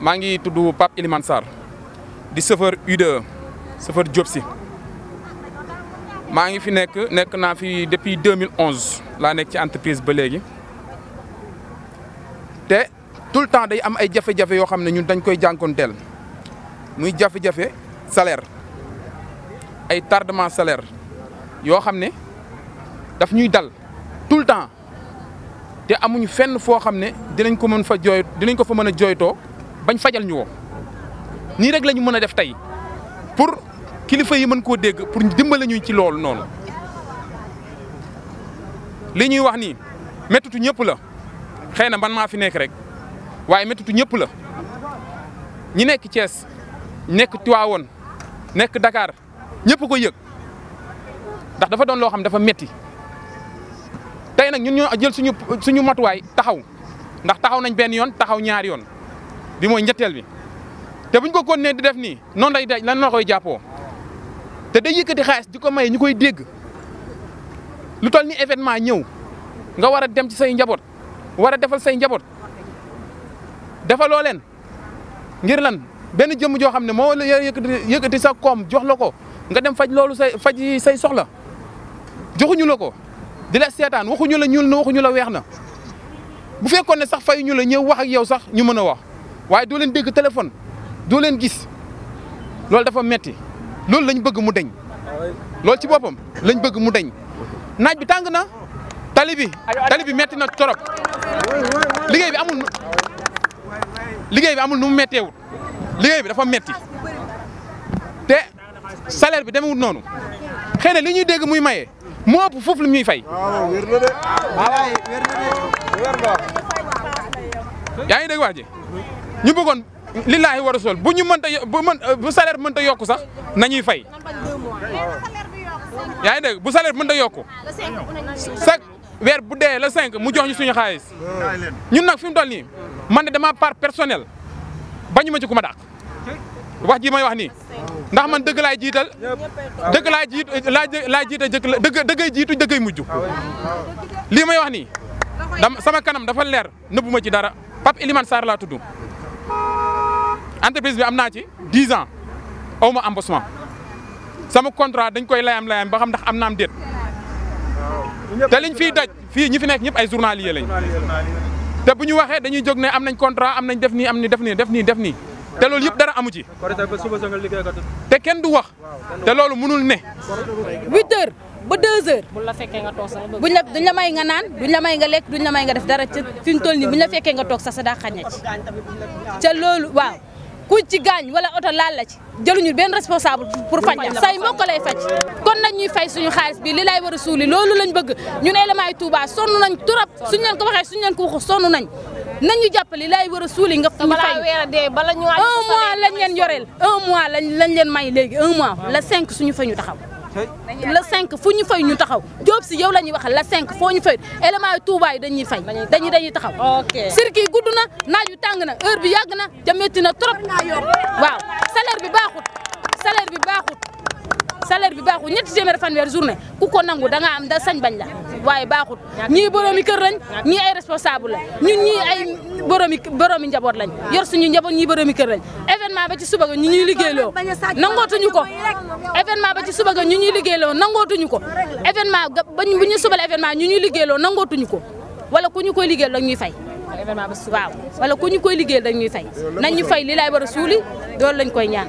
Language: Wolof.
maa ngi tudd Pape Elimane Sarr di chauffeur U2 chauffeur si maa ngi fi nekk nekk naa fi depuis 2011 laa nekk ci entreprise ba léegi te tout le temps day am ay jafe-jafe yoo xam ne ñun dañ koy jànkoonteel muy jafe-jafe salaire ay tardement salaire yoo xam ne daf ñuy dal tout le temps te amuñu fenn foo xam ne dinañ ko mën fa jooy dinañ ko fa mën a jooytoo. bañ fajal ñu woo nii rek la mën a def tey pour kilifa yi mën koo dégg pour dimbale ñu ci loolu noonu li ñuy wax ni méttitu ñëpp la xëy na man maa fi nekk rek waaye méttitu ñëpp la ñi nekk Thiès nekk tiwaawoon nekk dakaar ñëpp ko yëg ndax dafa doon loo xam dafa metti tey nag ñun ñoo jël suñu suñu matuwaay taxaw ndax taxaw nañ benn yoon taxaw ñaari yoon. bi mooy njetteel bi te buñ ko continuer di def nii noonu lay daj lan la koy jàppoo te day yëkkati xaalis di ko may ñu koy dégg lu toll ni événement ñëw nga war a dem ci say njaboot war a defal say njaboot defaloo leen ngir lan benn jëmm joo xam ne moo la yëkkati yëkkati sa koom jox la ko nga dem faj loolu say faj say soxla joxuñu la ko di la seetaan waxuñu la ñuul na waxuñu la weex na bu fekkoon ne sax fayuñu la ñëw wax ak yow sax ñu mën a wax. waaye doo leen dégg téléphone doo leen gis loolu dafa metti loolu lañ bëgg mu deñ loolu ci boppam lañ bëgg mu deñ naaj bi tàng na tali bi tali bi metti na torop liggéey bi amul liggéey bi amul nu mu metteewul liggéey bi dafa metti te salaire bi demewut noonu xëy na dégg muy maye moo ëpp foofu lu ñuy fay. yaa ngi dégg wax ñu bëggoon lillaahi wa rasul bu ñu mënta bu mën bu salaire mënta yokku sax nañuy fay. yaa ngi dégg bu salaire mënta yokku chaque weer bu dee la cinq mu jox ñu suñu xaalis ñun nag fi mu toll nii man de dama part personnel bañu ma ci ku ma dàq wax ji may wax nii ndax man dëgg laay jiital dëgg laay jiit laay jiital dëgg dëggay jiitu dëggay mujj lii ma yox ni dama sama kanam dafa leer nëbbu ma ci dara Pape Elimane Sarr laa tudd. entreprise bi am naa ci diis ans aw ma embauchement sama contrat dañ koy layam layam ba xam ndax am naam déet te liñ fiy daj fii ñi fi nekk ñëpp ay journalier lañ te bu ñu waxee dañuy jóg ne am nañ contrat am nañ def nii am ni def nii def nii def nii te loolu yëpp dara amu ci te kenn du wax te loolu mënul ne. 8 heures ba 2 heures. buñ nga sax buñ la duñ la may nga naan duñ la may nga lekk duñ la may nga def dara ci fi ñu toll nii buñ fekkee nga toog sax sa daa xañ ci ca loolu waaw. ku ci gaañ wala oto laal la ci jëluñu benn responsable pour faj la say mbokk lay faj kon nag ñuy fay suñu xaalis bi li lay war a suuli loolu lañ bëgg ñu ne la yi Touba sonn nañ trop suñ leen ko waxee suñ leen ko waxu sonn nañ nañu jàppale lay war a suuli nga ñu fay un mois lañ leen yoreel un mois lañ lañ leen may léegi un mois la cinq suñu fa ñu taxaw le cinq fu ñu fay ñu taxaw Diop si yow la ñuy waxal le 5 foo ñu fay élément yu Touba yi dañuy fay dañuy dañuy taxaw circuit gudd na naaj wi tàng na heure bi yàgg na te metti na trop waaw salaire bi baaxut salaire bi baaxut salaire bi baaxul ñetti téeméer fanweer journée ku ko nangu da nga am da sañ bañ la waaye baaxul ñii boroomi kër lañ ñii ay responsable la ñun ñii ay boroomi njaboot lañ yor suñu njaboot ñii boroomi kër lañ événement ba ci suba ga ñu ñuy liggéeyloo nangootuñu ko événement ba ci suba ga ñu ñuy liggéeyloo nangootuñu ko événement bañ bu ñu subal événement ñu ñuy liggéeyloo nangootuñu ko wala ku ñu koy liggéeyal dañ ñuy fay waaw wala ku ñu koy liggéeyal dañ ñuy fay nañ ñu fay li laay war a suuli loolu lañ koy ñaan